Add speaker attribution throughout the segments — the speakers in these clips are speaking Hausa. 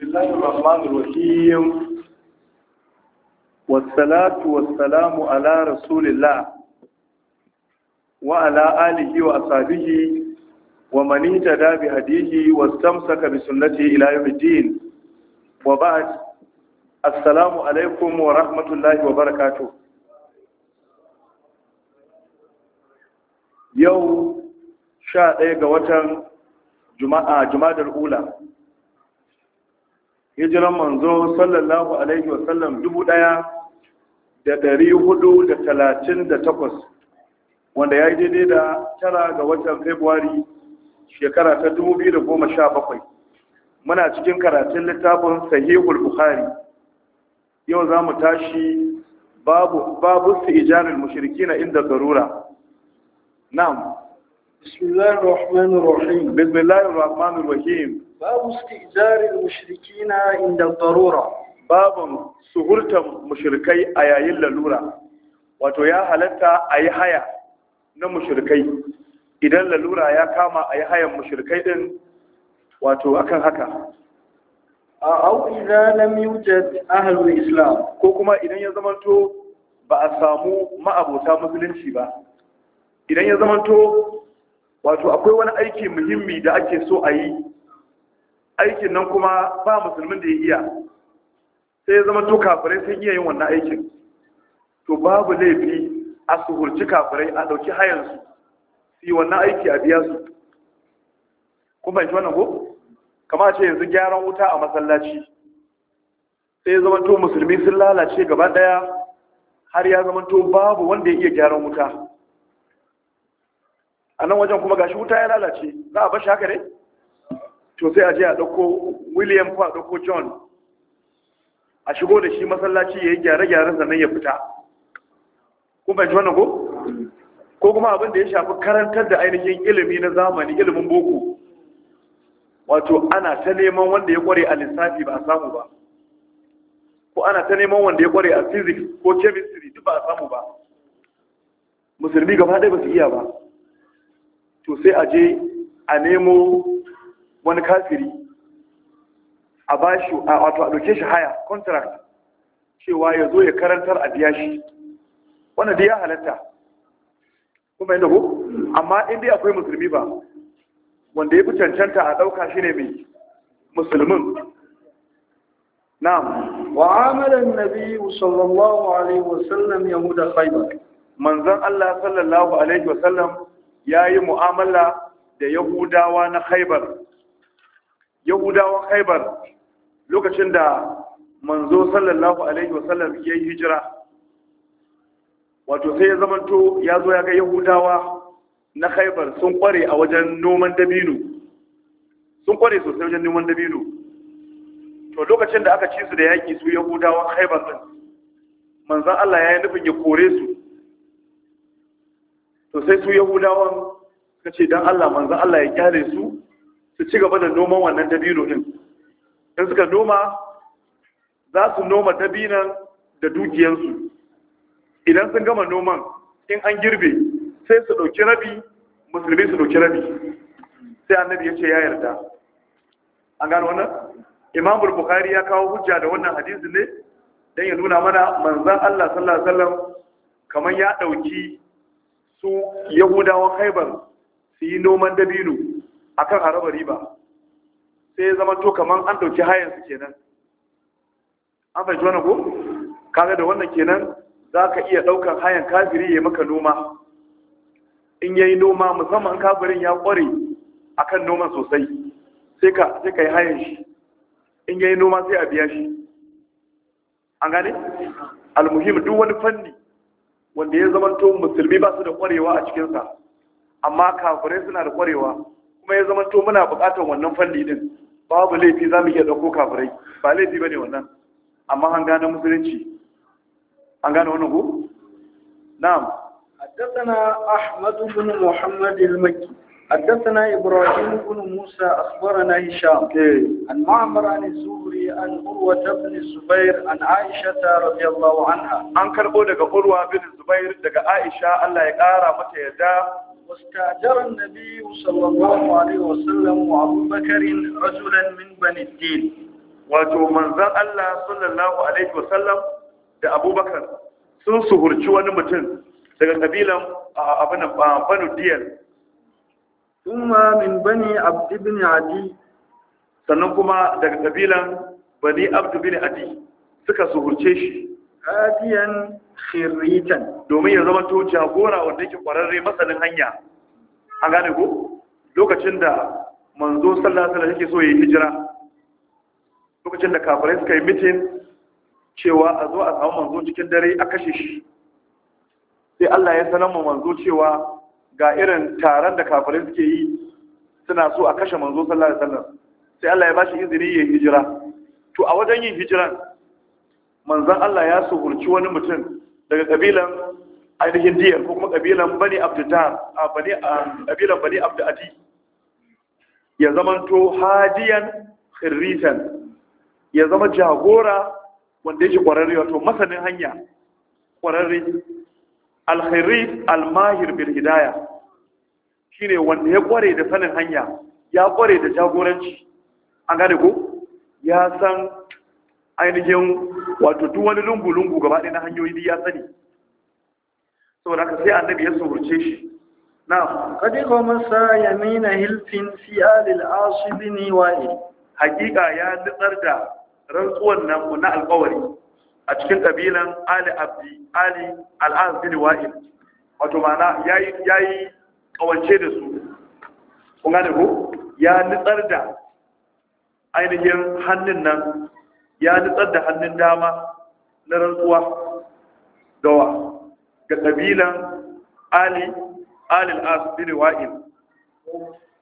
Speaker 1: بسم الله الرحمن الرحيم والصلاة والسلام على رسول الله وعلى آله وأصحابه ومن اهتدى بهديه واستمسك بسنته إلى يوم الدين وبعد السلام عليكم ورحمة الله وبركاته يوم شاء ga watan juma'a الأولى hijiran manzo sallallahu alaihi wasallam dubu ɗaya da dari hudu da talatin da takwas wanda ya yi daidai da tara ga watan februari shekara ta dubu biyu da goma sha bakwai muna cikin karatun littafin sahihul bukhari yau za mu tashi babu babu su ijarin mushirki na inda zarura na'am bismillahirrahmanirrahim rahmanir babu istijarin mushrikina inda darura babun suhurtan mushrikai a yayin lalura wato ya halatta a yi na mushrikai idan lalura ya kama a yi mushrikai din wato akan haka a auƙiza lam yujad ahlul islam ko kuma idan ya zamanto ba a samu ma'abota musulunci ba idan ya zamanto wato akwai wani aiki muhimmi da ake so a yi aikin nan kuma ba musulmin da ya iya sai ya zama to kafirai sun iya yin wannan aikin to babu laifi a suhurci kafirai a ɗauki hayansu su yi wannan aiki a biya su kuma yanki wannan ko kama ce yanzu gyaran wuta a masallaci sai ya zama to musulmi sun lalace gaba ɗaya har ya zama to babu wanda ya iya gyaran wuta a nan wajen kuma gashi wuta ya lalace za a bashi haka ne to sai a je a ɗauko william ko a ɗauko john a shigo da shi masallaci ya yi gyare-gyaren sannan ya fita kuma ji wannan ko ko kuma abin da ya shafi karantar da ainihin ilimi na zamani ilimin boko wato ana ta neman wanda ya kware a lissafi ba a samu ba ko ana ta neman wanda ya kware a physics ko chemistry duk ba a samu ba musulmi gaba ɗaya ba su iya ba to sai a je a nemo wani kafiri a bashi a wato a doke shi haya contract cewa ya zo ya karantar a biya shi wannan dai ya halatta kuma yadda ko amma in dai akwai musulmi ba wanda ya fi cancanta a ɗauka shi ne mai musulmin na'am wa amalan nabi sallallahu alaihi wasallam yahuda khaybar manzon Allah sallallahu alaihi wasallam yayi mu'amala da yahudawa na khaybar yahudawan haibar lokacin da manzo sallallahu alaihi wasallam ya yi hijira wato sai ya zamanto ya zo ya ga yahudawa na haibar sun kware a wajen noman dabino sun kware sosai wajen noman dabino to lokacin da aka ci su da yaƙi su yahudawan haibar din manzan Allah ya yi nufin ya kore su to sai su yahudawan suka ce don Allah manzan Allah ya kyale su su ci gaba da noman wannan dabino din in suka noma za su noma dabinan da dukiyansu idan sun gama noman in an girbe sai su ɗauki rabi musulmi su ɗauki rabi sai annabi ya ce ya yarda an gano wannan imam bukhari ya kawo hujja da wannan hadisi ne don ya nuna mana manzan allah sallallahu alaihi kamar ya ɗauki su yahudawan haibar su yi noman dabino akan haraba riba sai ya zama to kaman an dauki hayansu kenan an fahimci wannan ko kaga da wannan kenan za ka iya daukan hayan kafiri ya maka noma in yayi noma musamman kafirin ya kware akan noman sosai sai ka sai kai hayan shi in yayi noma sai a biya shi an gane almuhim duk wani fanni wanda ya zama to musulmi ba su da kwarewa a cikinsa amma kafirai suna da kwarewa kuma ya zama to muna buƙatar wannan fanni din babu laifi za mu iya ɗauko kafirai ba laifi ba ne wannan amma an gane musulunci an gane wannan ko na'am حدثنا أحمد بن محمد المكي حدثنا إبراهيم بن موسى أخبرنا هشام عن معمر عن الزهري عن أروة بن الزبير عن عائشة رضي الله عنها عن daga دقى أروة بن الزبير Aisha. عائشة الله يقارى متى yadda. واستأجر النبي صلى الله عليه وسلم وأبو بكر رجلا من بني الدين wato manzan Allah sallallahu alaihi wasallam da abubakar sun suhurci wani mutum daga kabilan abin banu diyal kuma min bani abd ibn adi sannan kuma daga kabilan bani abd ibn adi suka suhurce shi kafiyan khiritan domin ya zama to jagora wanda yake kwararre masanin hanya an gane ko lokacin da manzo sallallahu alaihi wasallam yake so ya hijira lokacin da kafirai suka yi mitin cewa a zo a samu manzo cikin dare a kashe shi sai Allah ya sanar mu manzo cewa ga irin taron da kafirai suke yi suna so a kashe manzo sallallahu alaihi wasallam sai Allah ya bashi izini ya hijira to a wajen yin hijiran manzan Allah ya suhurci wani mutum daga kabilan ainihin diyar ko kuma kabilan bani abdudar a zama kabilan ya hajiyan khirrisan ya zama jagora wanda yake kwararre wato masanin hanya kwararre alkhirif almahir bil hidaya shine wanda ya ƙware da sanin hanya ya ƙware da jagoranci an gane ko ya san ainihin wato duk wani lungu-lungu gaba ɗaya na hanyoyi ya sani saboda haka sai annabi ya surce shi na kadi kuma sa yamina hilfin fi alil ne wa'il hakika ya nitsar da rantsuwan nan na alƙawari a cikin ƙabilan ali abdi ali ne wa'il wato mana ya yi kawance da su kuma da ku ya nitsar da ainihin hannun nan ya nutsar da hannun dama na rantsuwa gawa ga ƙabilan ali alil as bin wa'il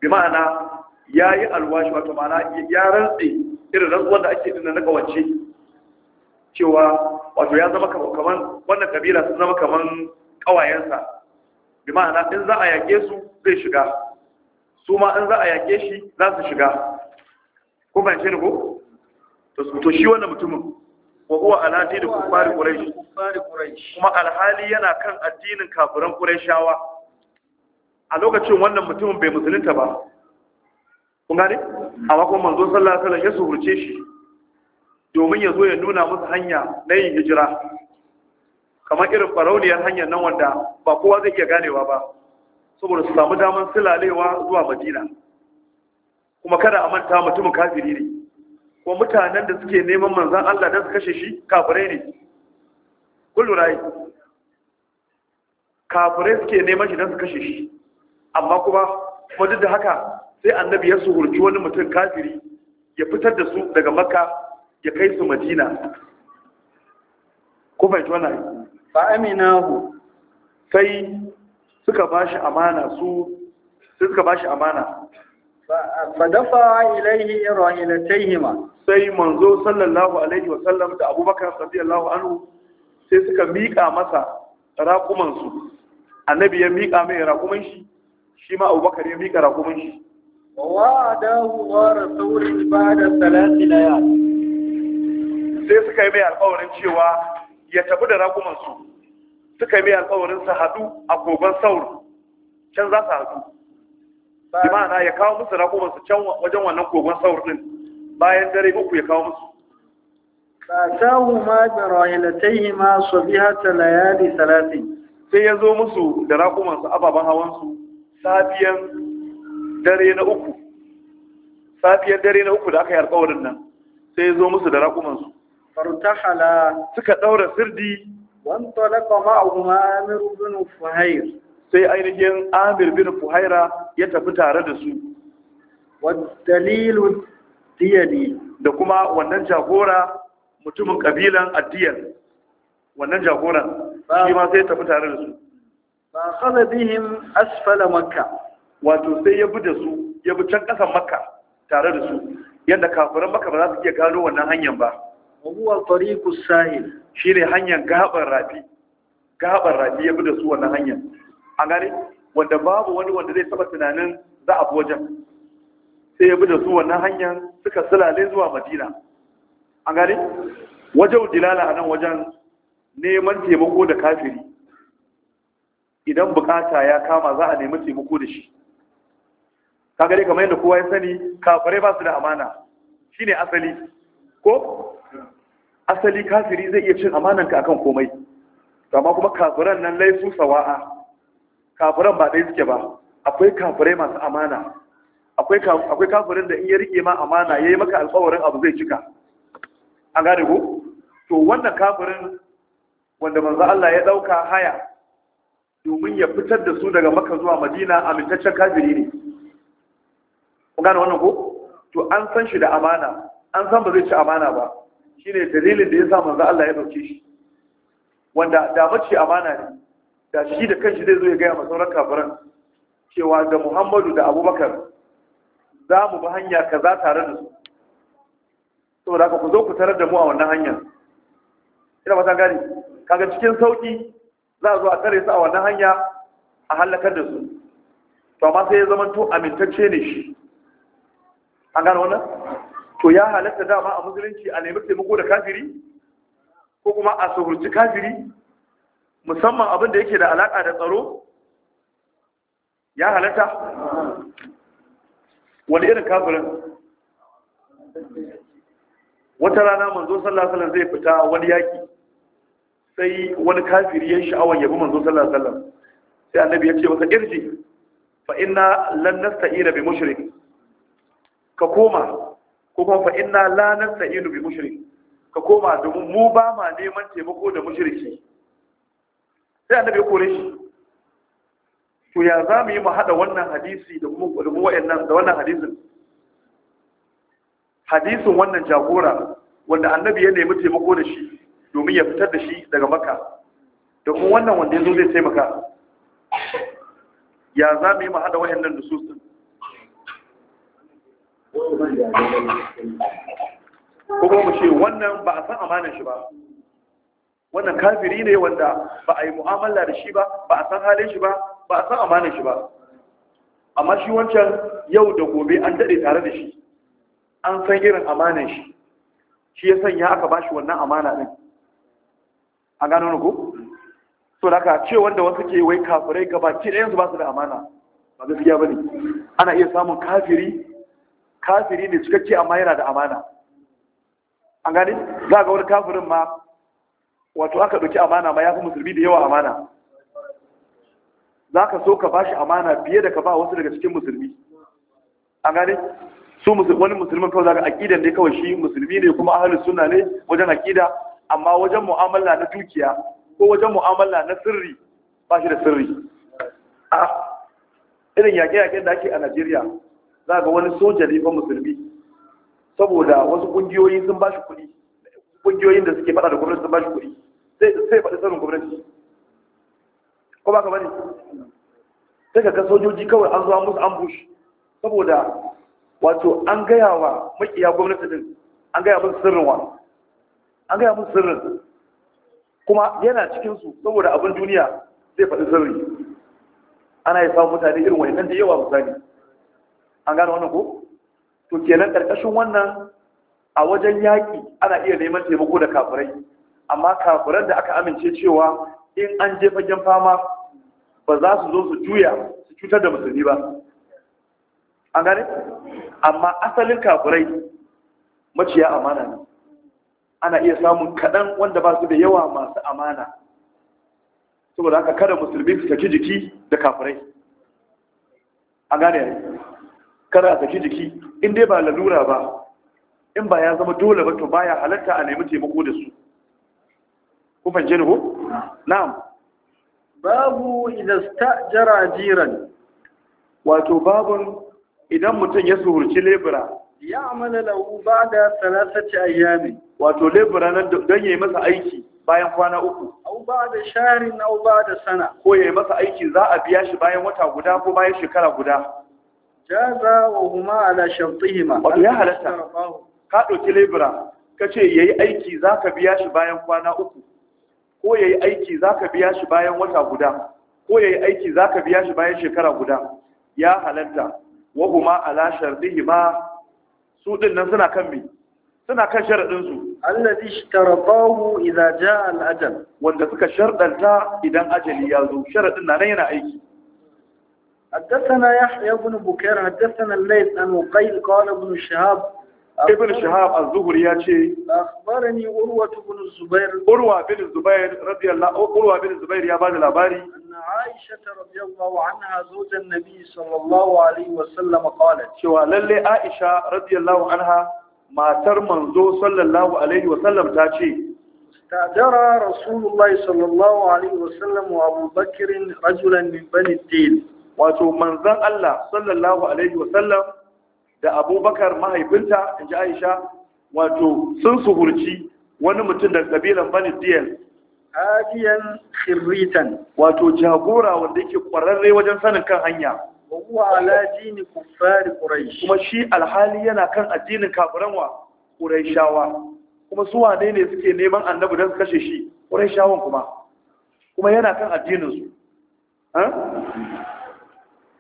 Speaker 1: bi ma'ana yayi alwashi wato ma'ana ya rantsi irin rantsuwar da ake dinna na kawance cewa wato ya zama kaman wannan kabila sun zama kaman kawayensa bi ma'ana in za a yake su zai shiga su ma in za a yake shi za su shiga ko ban shi ko to shi wannan mutumin wa huwa ala dinin kuffari quraish kuma alhali yana kan addinin kafiran quraishawa a lokacin wannan mutumin bai musulunta ba kun gane A wako manzo sallallahu alaihi ya suhurce shi domin ya zo ya nuna musu hanya na yin hijira kamar irin farauniyar hanyar nan wanda ba kowa zai iya ganewa ba saboda su samu daman silalewa zuwa madina kuma kada a manta mutumin kafiri ne ko mutanen da suke neman manzan Allah don su kashe shi kafirai ne Rai, kafirai suke neman shi don su kashe shi amma kuma kuma da haka sai annabi ya suhurci wani mutum kafiri ya fitar da su daga makka ya kai su madina ko fahimci wannan amina aminahu sai suka shi amana su sai suka bashi amana fadafa ilaihi rahilataihima sai manzo sallallahu alaihi wasallam da abubakar radiyallahu anhu sai suka miƙa masa raƙuman su annabi ya miƙa mai raƙuman shi ma abubakar ya miƙa raƙuman shi wa dahu wa rasulin ba'da salati sai suka yi mai alƙawarin cewa ya tafi da raƙuman suka yi mai alƙawarin su a goban saur can za su haɗu bi ma'ana ya kawo musu raƙuman su can wajen wannan kogon saur din bayan dare uku ya kawo musu ma su biya ta ليالي salatin sai ya zo musu da raƙumansu ababen hawansu safiyan dare na uku safiyan dare na uku da aka yi alƙawarin nan sai ya zo musu da raƙumansu fartahala suka ɗaura sirdi wani talaka ma'ahu amiru bin fuhair sai ainihin amir bin fuhaira ya tafi tare da su wadalilun diyani da kuma wannan jagora mutumin kabilan addiyar wannan jagoran shi ma sai tafi tare da su ba kada bihin asfala makka wato sai ya bi da su ya bi can kasan makka tare da su yadda kafirin makka ba za su iya gano wannan hanyar ba abuwa tariqus sahil ne hanyar gaɓar rafi Gaɓar rafi ya bi da su wannan hanyar a gane wanda babu wani wanda zai taba tunanin za a wajen sai ya bi da su wannan hanyar suka sulale zuwa madina a gane wajen dilala a nan wajen neman taimako da kafiri idan bukata ya kama za a nemi taimako da shi ka gari kamar yadda kowa ya sani kafirai ba su da amana Shi ne asali ko asali kafiri zai iya cin amananka akan komai amma kuma kafiran nan laisu sawa'a kafiran ba ɗaya suke ba akwai kafirai masu amana akwai kafirin da in ya rike ma amana ya yi maka alkawarin abu zai cika an gane ko to wannan kafirin wanda manzo Allah ya dauka haya domin ya fitar da su daga Makka zuwa Madina amintaccen kafiri ne kun gane wannan ko to an san shi da amana an san ba zai ci amana ba shine dalilin da yasa manzo Allah ya dauke shi wanda da mace amana ne da shi da kanshi zai zo ya gaya ma sauran kafiran cewa da Muhammadu da Abubakar za mu bi hanya kaza tare da su saboda haka ku zo ku tarar da mu a wannan hanya ina ba ta gani kaga cikin sauki za a zo a tare su a wannan hanya a halakar da su to amma sai ya zama to amintacce ne shi an gano wannan to ya halatta dama a musulunci a nemi taimako da kafiri ko kuma a suhurci kafiri musamman abin da yake da alaƙa da tsaro ya halatta wani irin kafirin wata rana manzo sallallahu alaihi wasallam zai fita wani yaki sai wani kafiri ya sha'awan yabi manzo sallallahu alaihi wasallam sai annabi ya ce masa irji fa inna lan nasta'ina bi mushrik ka koma ko kuma fa inna la nasta'inu bi mushrik ka koma domin mu ba ma neman taimako da mushriki sai annabi ya kore shi to ya za mu yi mu haɗa wannan hadisi da kuma wa'annan da wannan hadisin hadisin wannan jagora wanda annabi ya nemi taimako da shi domin ya fitar da shi daga maka da kuma wannan wanda ya zo zai taimaka ya za mu yi mu haɗa waɗannan da sosin? ko kuma mu ce wannan ba a san amanin shi ba wannan kafiri ne wanda ba a yi mu'amala da shi ba ba a san halin shi ba ba a san amanin shi ba amma shi wancan yau da gobe an daɗe tare da shi an san irin amanin shi shi ya sanya aka ba shi wannan amana ɗin a gano ni ko so da ka ce wanda wasu ke wai kafirai gaba ɗayan su ba su da amana ba gaskiya ba ne ana iya samun kafiri kafiri ne cikakke amma yana da amana an gani za ga wani kafirin ma wato aka ɗauki amana ma ya fi musulmi da yawa amana za ka so ka ba shi amana fiye da ka ba wasu daga cikin musulmi an gane su wani musulmin kawai zaga aƙidan ne kawai shi musulmi ne kuma ahalin suna ne wajen aƙida amma wajen mu'amala na dukiya ko wajen mu'amala na sirri ba shi da sirri a irin yaƙe-yaƙen da ake a najeriya za ga wani soja ne ba musulmi saboda wasu ƙungiyoyi sun ba shi kuɗi kungiyoyin da suke faɗa da gwamnati sun bashi kuɗi sai sai faɗi sanin gwamnati ko ba ka bane sai ka ga sojoji kawai an zo an musu ambush saboda wato an gaya wa makiya gwamnati din an gaya musu sirrin wa an gaya musu sirrin kuma yana cikin su saboda abin duniya zai faɗi sirri ana yi samun mutane irin wani nan da yawa misali an gane wannan ko to kenan ƙarƙashin wannan a wajen yaƙi ana iya neman taimako da kafirai amma kafiran da aka amince cewa in an je fagen fama ba za su zo su juya su cutar da musulmi ba an gane amma asalin kafirai maciya amana ne ana iya samun kaɗan wanda ba su da yawa masu amana saboda haka kada musulmi su saki jiki da kafirai an gane kada a saki jiki in dai ba lalura ba in ba ya zama dole ba to baya halatta a nemi taimako da su ku fanje ni ko na'am babu idza stajara jiran wato babun idan mutum ya suhurci lebura ya amala lahu ba'da salasati ayyami wato lebura nan don yayi masa aiki bayan kwana uku au ba'da shahrin au ba'da sana ko yayi masa aiki za a biya shi bayan wata guda ko bayan shekara guda jaza wa huma ala shartihima wato ya halatta ka ɗauki lebura ka ce ya yi aiki za ka biya shi bayan kwana uku ko ya yi aiki za ka biya shi bayan wata guda ko ya yi aiki za ka biya shi bayan shekara guda ya halatta wahu ma ala shardihi ma su ɗin nan suna kan mi. suna kan sharaɗinsu allazi shtarabahu idza jaa al-ajal wanda suka sharɗanta idan ajali ya zo sharaɗin na nan yana aiki حدثنا يحيى بن بكير حدثنا الليث عن وقيل قال ابن شهاب ibn shahab az-zuhri ya ce akhbarani urwa ibn zubair urwa ibn zubair radiyallahu urwa ibn zubair ya bada labari anna aisha radiyallahu anha zawjan nabi sallallahu alaihi wa sallam qalat cewa lalle aisha radiyallahu anha matar manzo sallallahu alaihi wa sallam ta ce استأجر رسول الله صلى الله عليه وسلم وأبو بكر رجلا من بني wato manzan Allah sallallahu alaihi da abubakar mahaifinta in ji aisha wato sun suhurci wani mutum da kabilan bani diyal ajiyan khirritan wato jagora wanda yake kwararre wajen sanin kan hanya wa ala dini kuffar quraish kuma shi alhali yana kan addinin kafiran wa quraishawa kuma su wane ne suke neman annabi don kashe shi quraishawan kuma kuma yana kan addinin su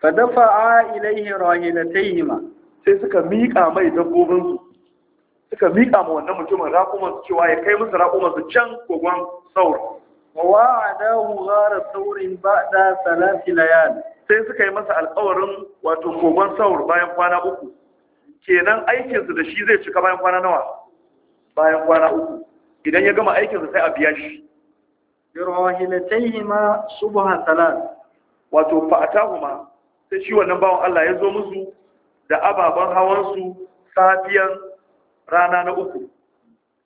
Speaker 1: fa dafa'a ilaihi rahilatayhima sai suka miƙa mai dabbobinsu suka miƙa ma wannan mutumin raƙumansu cewa ya kai musu raƙumansu can kogon saur wa'adahu ghara saurin ba'da salati layal sai suka yi masa alƙawarin wato kogon saur bayan kwana uku kenan aikinsu da shi zai cika bayan kwana nawa bayan kwana uku idan ya gama aikinsa sai a biya shi birwahilatayhima subha salat wato fa'atahuma sai shi wannan bawan Allah ya zo musu da ababen hawansu safiyar rana na uku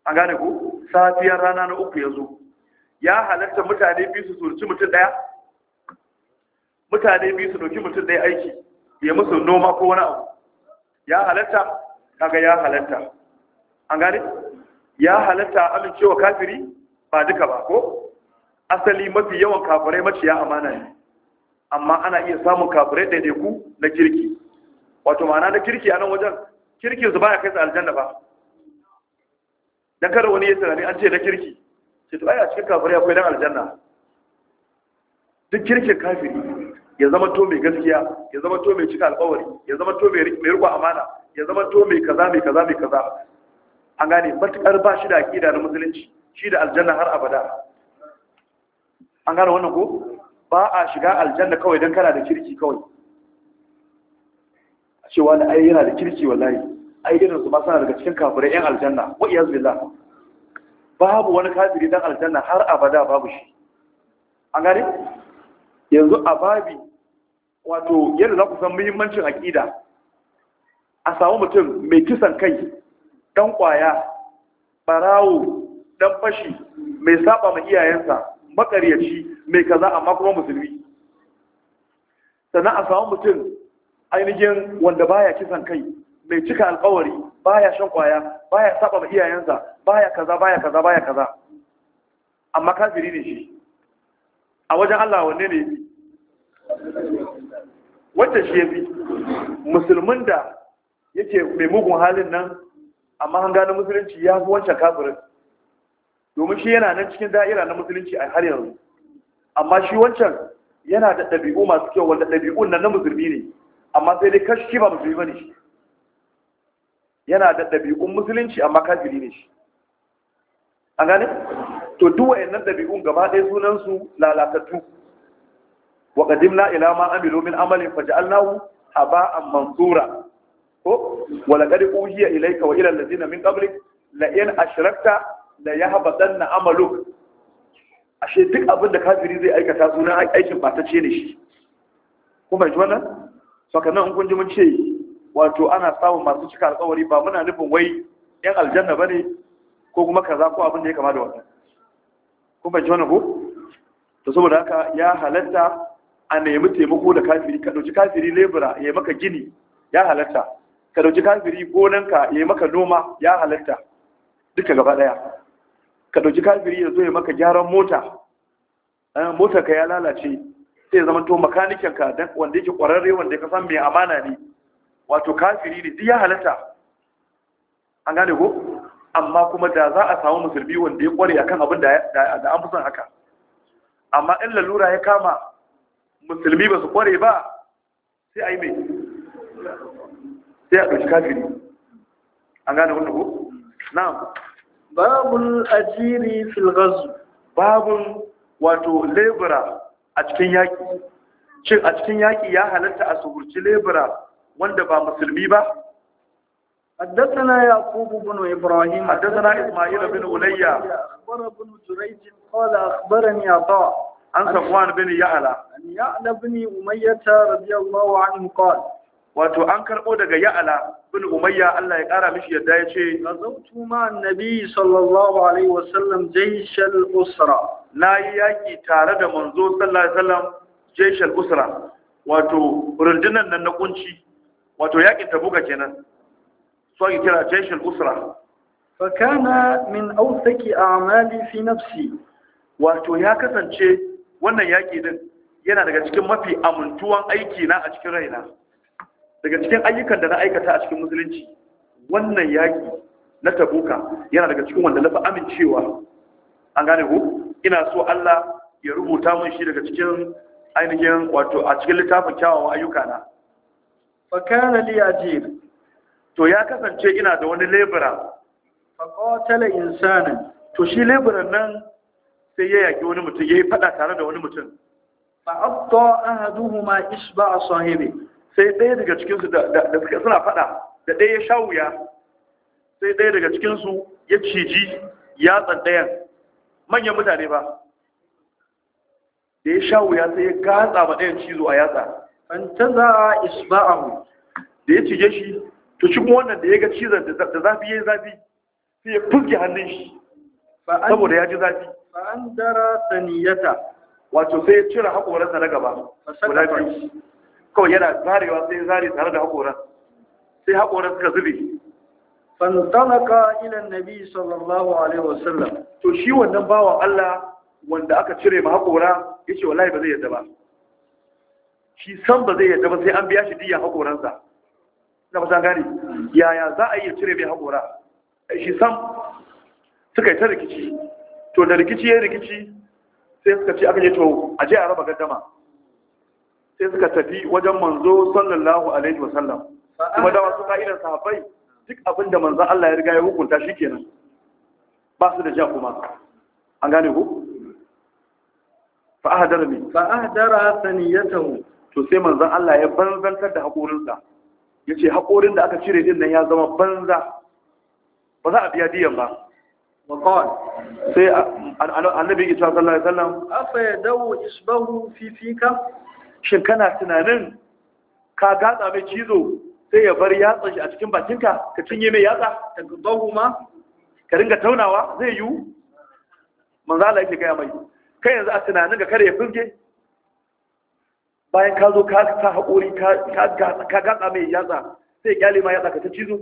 Speaker 1: an gane ku safiyar rana na uku ya zo ya halatta mutane biyu su surci mutum ɗaya mutane biyu su doki mutum ɗaya aiki ya musu noma ko wani abu ya halatta kaga ya halatta an gane ya halatta amincewa kafiri ba duka ba ko asali mafi yawan kafirai maciya amana ne amma ana iya samun kafirai ɗaiɗaiku na kirki wato ma'ana na kirki a nan wajen kirki su baya kai su aljanna ba dan kada wani ya tunani an ce na kirki sai to ai a cikin kafirai akwai dan aljanna duk kirkin kafiri ya zama to mai gaskiya ya zama to mai cika alƙawari ya zama to mai riko amana ya zama to mai kaza mai kaza mai kaza an gane matukar ba shi da aqida na musulunci shi da aljanna har abada an gane wannan ko ba a shiga aljanna kawai dan kana da kirki kawai cewa na ai yana da kirki wallahi ai irin su ma sana daga cikin kafirai yan aljanna wa iyaz babu wani kafiri dan aljanna har abada babu shi an gane yanzu a babi wato yadda za ku san muhimmancin aƙida a samu mutum mai kisan kai ɗan ƙwaya ɓarawo ɗan fashi mai saba ma iyayensa makaryaci mai kaza amma kuma musulmi sannan a samu mutum ainihin wanda baya kisan kai mai cika alkawari baya shan kwaya baya saba ma iyayensa baya kaza baya kaza baya kaza amma kafiri ne shi a wajen Allah wanne ne yi wacce shi ya fi musulmin da yake mai mugun halin nan amma an gano musulunci ya fi wancan kafirin domin shi yana nan cikin da'ira na musulunci a har yanzu amma shi wancan yana da ɗabi'u masu kyau wanda ɗabi'un nan na musulmi ne amma sai dai kashi ba musulmi ne shi yana da ɗabi'un musulunci amma kafiri ne shi an gane to duk wayannan ɗabi'un gaba ɗaya sunansu lalatattu wa na ila ma amilu min amalin haba haba'an mansura ko wala laqad ƙuhiya ilaika wa ila lazina min ashirarta la ya haba la na amaluk ashe duk abin da kafiri zai aikata sunan aikin ce ne shi kuma ji wannan saka nan kun ji mun ce wato ana samun masu cika alƙawari ba muna nufin wai yan aljanna bane ko kuma kaza ko abin da ya kama da wannan kun fahimci wannan ko to saboda haka ya halatta a nemi taimako da kafiri ka dauki kafiri lebura ya maka gini ya halatta ka dauki kafiri gonanka ya maka noma ya halatta duka gaba daya ka dauki kafiri ya zo ya maka gyaran mota eh, motar ka ya lalace sai ya zama to makanikin ka dan wanda yake kwararre wanda ka san mai amana ne wato kafiri ne duk ya halatta an gane ko amma kuma da za a samu musulmi wanda ya kware akan abin da da an fi son haka amma in lalura ya kama musulmi ba su kware ba sai a yi mai sai a ɗauki kafiri an gane wannan ko na'am babul ajiri fil ghazw babun wato lebura a cikin yaƙi shin a cikin yaƙi ya halatta a suhurci lebura wanda ba musulmi ba حدثنا يعقوب بن إبراهيم حدثنا إسماعيل بن أولية أخبر بن جريج قال أخبرني عطاء عن صفوان بن يعلى عن يعلى بن أمية رضي الله عنه قال wato an karɓo daga ya'ala bin umayya Allah ya ƙara mishi yadda ya ce nazautu ma annabi sallallahu alaihi wasallam jaishal usra na yi yaƙi tare da manzo sallallahu alaihi wasallam jeshal usra wato rundunar nan na kunci wato yaƙin tabuka kenan so ake kira jeshal usra fa kana min awsaki a'mali fi nafsi wato ya kasance wannan yaƙi din yana daga cikin mafi amintuwan aiki na a cikin raina daga cikin ayyukan da na aikata a cikin musulunci wannan yaƙi na tabuka yana daga cikin wanda na fi amincewa an gane ku ina so Allah ya rubuta mun shi daga cikin ainihin wato a cikin littafin kyawawan ayyukana fa kana li ajir to ya kasance ina da wani lebura fa qatala insana to shi leburan nan sai ya yaki wani mutum yayi fada tare da wani mutum fa abta ahaduhuma isba sahibi sai ɗaya daga cikin su da suka suna fada da ɗaya ya sha wuya. sai ɗaya daga cikin su ya ciji ya tsaddayan manyan mutane ba da ya sha wuya sai ya gatsa ma ɗayan cizo a yatsa an canza isba'ahu da ya cije shi to cikin wannan da ya ga cizon da zafi ya yi zafi sai ya fuske hannun shi saboda ya ji zafi Ba an dara saniyata wato sai ya cire haƙoransa na gaba guda biyu kawai yana zarewa sai ya zare tare da haƙoran sai haƙoran suka zube fantalaka ila nabi sallallahu alaihi wasallam to shi wannan bawan Allah wanda aka cire ma hakora yace wallahi ba zai yadda ba shi san ba zai yadda ba sai an biya shi diyya hakoransa na ba san gani yaya za a yi cire mai hakora shi san suka yi ta rikici to da rikici ya rikici sai suka ce aka je to a je a raba gaddama sai suka tafi wajen manzo sallallahu alaihi wasallam kuma dawa su ka'idan sahabbai duk abin da manzan Allah ya riga ya hukunta shi kenan ba su da ja kuma an gane ku fa'adar mi fa'adara saniyatahu to sai manzan Allah ya banzantar da haƙorinsa ya ce haƙorin da aka cire din nan ya zama banza ba za a biya diyan ba وقال سي النبي صلى الله عليه وسلم اف يدو isbahu في فيك shin kana tunanin ka gatsa mai cizo sai ya bar yatsa shi a cikin bakinka ka cinye mai yatsa ta gubahu ma ka ringa taunawa zai yiwu manzo Allah yake gaya mai kai yanzu a tunanin ga kare ya fuske bayan ka zo ka ta haƙuri ka gatsa mai yatsa sai kyale ma yatsa ka ta cizo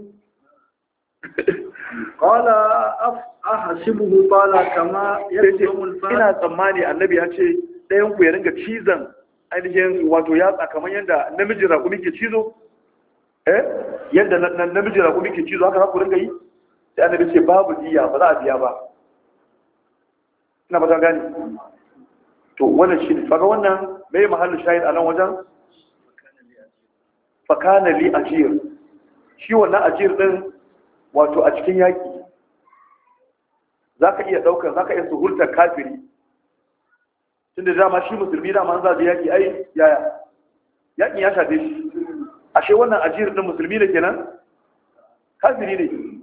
Speaker 1: qala af ahsibuhu qala kama yadumul fa ina tsammani annabi ya ce dayan ku ya ringa cizon ainihin wato yatsa kamar yadda namijin raƙumi ke cizo eh yadda nan namiji rago ke cizo haka za ku ringa yi sai annabi ce babu jiya, ba za a biya ba ina ba ta gane to wannan shi ne faga wannan mai mahallin shahid a nan wajen Fakanali ajiyar shi wannan ajiyar din wato a cikin yaƙi za ka iya ɗaukar za ka iya suhurtar kafiri tun da dama shi musulmi dama an zaɓi yaƙi ai yaya yaƙin ya shafe shi ashe wannan ajiyar ɗin musulmi ne kenan kafiri ne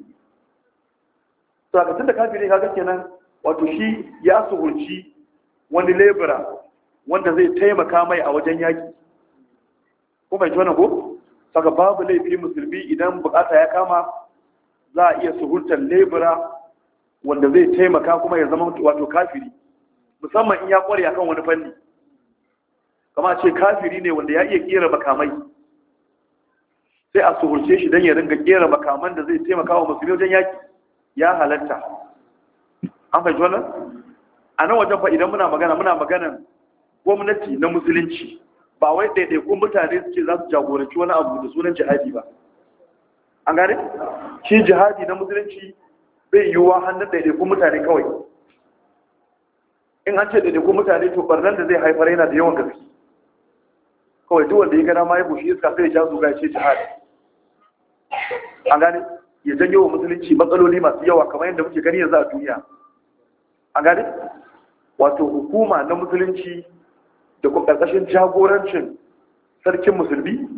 Speaker 1: to a da kafiri kaga kenan wato shi ya suhurci wani lebura wanda zai taimaka mai a wajen yaki ko bai ji wannan ko saka babu laifi musulmi idan bukata ya kama za a iya suhurtar lebura wanda zai taimaka kuma ya zama wato kafiri musamman in ya kware akan wani fanni kama ce kafiri ne wanda ya iya kera makamai sai a suhurce shi don ya ringa kera makaman da zai taimaka wa musulmi wajen yaki ya halatta an fahimci wannan a nan wajen fa idan muna magana muna maganan gwamnati na musulunci ba wai ɗaiɗaikun mutane suke za su jagoranci wani abu da sunan jihadi ba an gane shi jihadi na musulunci yi yiwuwa hannun ɗaiɗaikun mutane kawai in an ce ɗaiɗaikun mutane to ɓarnar da zai haifar yana da yawan gaske kawai duk wanda ya gana ma ya bushe iska sai ya ja zuga ya ce jihadi an gane ya janyo wa musulunci matsaloli masu yawa kamar yadda muke gani yanzu a duniya an gane wato hukuma na musulunci da ƙarƙashin jagorancin sarkin musulmi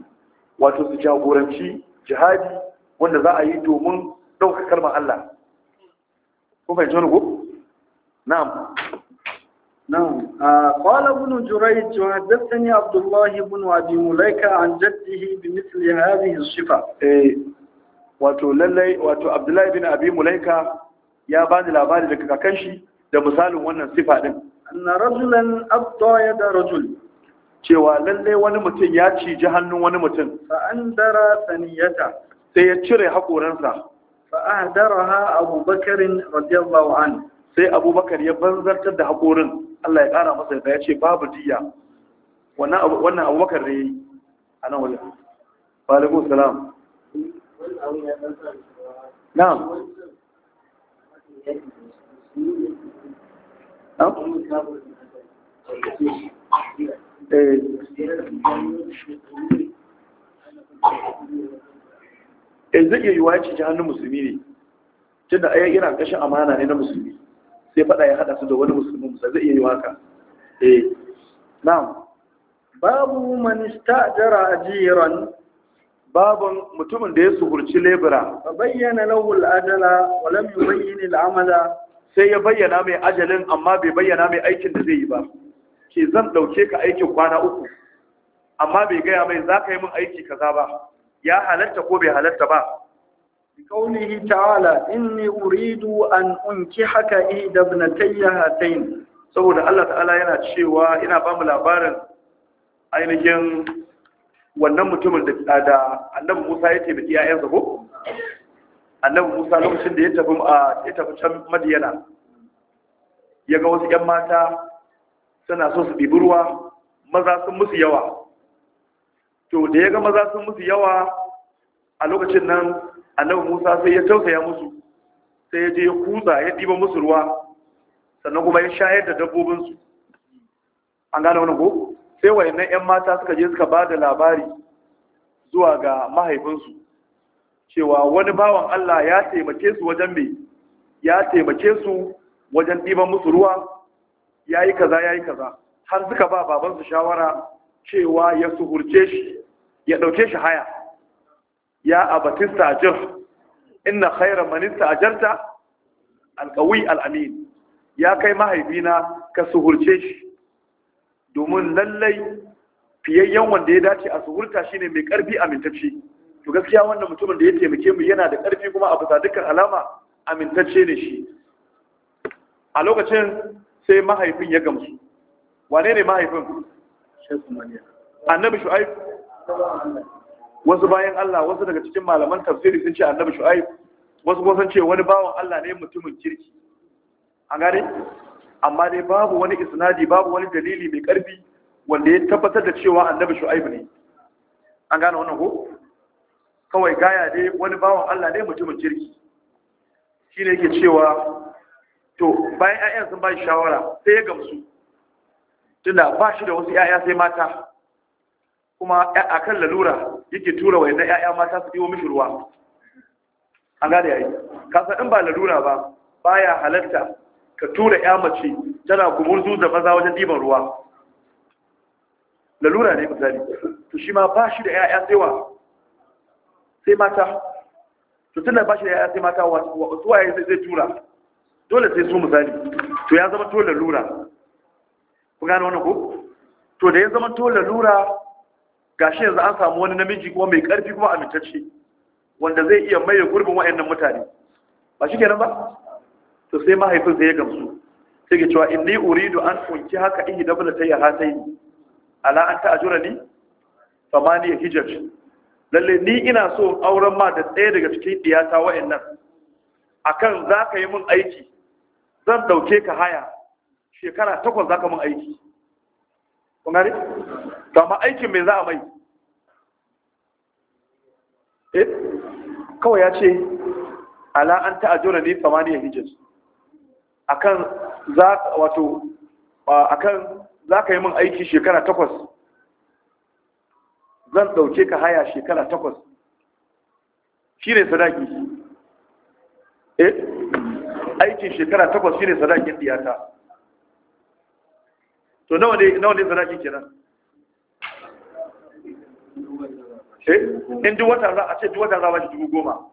Speaker 1: wato su jagoranci jihadi wanda za a yi domin ɗaukar kalmar Allah. Kuma fahimci wani ko? Na'am. نعم قال ابن جريج وحدثني عبد الله بن ابي مليكه عن جده بمثل هذه wato Abdullahi bin Abi ya bani labari daga kakan shi da misalin wannan sifa din anna rajulan abta yada rajul cewa lallai wani mutum ya ciji hannun wani mutum fa andara saniyata sai ya cire hakoransa fa ahdaraha Abu Bakar radiyallahu an sai Abubakar Bakar ya banzartar da hakorin Allah ya ƙara masa da ya ce babu diya wannan abubakar da ya yi a nan wajen balibu salam na'am eh. eh zai iya wa ya ce jihannun musulmi ne tunda ayyana ƙashin amana ne na musulmi sai faɗa ya haɗa su da wani musulmi musa zai iya yi haka eh na'am babu man istajara ajiran babun mutumin da ya suhurci lebura Ba bayyana lahu al-ajala wa lam yubayyin al sai ya bayyana mai ajalin amma bai bayyana mai aikin da zai yi ba ke zan dauke ka aikin kwana uku amma bai gaya mai za ka yi min aiki kaza ba ya halatta ko bai halatta ba قوله تعالى إني أريد أن أنكحك إحدى ابنتي هاتين saboda Allah ta'ala yana cewa ina bamu mu labarin ainihin wannan mutumin da da Annabi Musa ya tafi iyayensa ko Annabi Musa lokacin da ya tafi can Madiyana ya ga wasu ƴan mata suna so su bibi ruwa maza sun musu yawa to da ya ga maza sun musu yawa a lokacin nan annabi Musa sai ya tausaya musu sai ya je ya kuza ya ɗiba musu ruwa sannan kuma ya shayar da dabbobinsu an gane wani ko sai wayannan 'yan mata suka je suka ba da labari zuwa ga mahaifinsu cewa wani bawan Allah ya taimake su wajen mai ya taimake su wajen ɗiban musu ruwa ya yi kaza ya kaza har suka ba babansu shawara cewa ya suhurce shi ya ɗauke shi haya ya abatista ajir inna khayra man istajarta alqawi alamin ya kai mahaifina ka suhurce shi domin lallai fiyayyen wanda ya dace a suhurta shine mai karfi amintacce to gaskiya wannan mutumin da ya taimake mu yana da karfi kuma a bisa dukkan alama amintacce ne shi a lokacin sai mahaifin ya gamsu wane ne mahaifin annabi shu'aib wasu bayan Allah wasu daga cikin malaman tafsiri sun ce annabi shu'aib wasu kuma sun ce wani bawan Allah ne mutumin kirki an gane amma dai babu wani isnadi babu wani dalili mai karfi wanda ya tabbatar da cewa annabi shu'aib ne an gane wannan ko kawai gaya dai wani bawan Allah ne mutumin kirki shine yake cewa to bayan 'ya'yan sun ba shi shawara sai ya gamsu tunda ba shi da wasu 'ya'ya sai mata kuma a kan lalura yake tura wa yadda ƴaƴa mata su iwo mishi ruwa an gada yayi kasa in ba lalura ba baya halatta ka tura ƴa mace tana gumurzu zuza maza wajen ɗiban ruwa lalura ne misali to shi ma ba shi da ƴaƴa sai wa sai mata to tunda ba shi da ƴaƴa sai mata wa waye zai tura dole sai su misali to ya zama to lalura ku gane wannan ku? to da ya zama to lalura gashi yanzu an samu wani namiji kuma mai karfi kuma amintacce wanda zai iya maye gurbin wayannan mutane ba shi kenan ba to sai mahaifin sai ya gamsu sai ke cewa inni uridu an kunki haka ihi dabla tayya hatayi ala an ni famani hijaj lalle ni ina so auren ma da ɗaya daga cikin diyata wayannan akan zaka yi mun aiki zan dauke ka haya shekara takwas zaka mun aiki kun gane to amma aikin me za a mai eh kawai ya ce ala an ta'ajura ni samaniya hijaz akan za wato akan za ka yi min aiki shekara takwas zan ɗauke ka haya shekara takwas shi ne sadaki eh aikin shekara takwas shi ne sadakin diyata to nawa ne sadakin kenan Eh? in duk wata za a ce duk wata za a ce dubu goma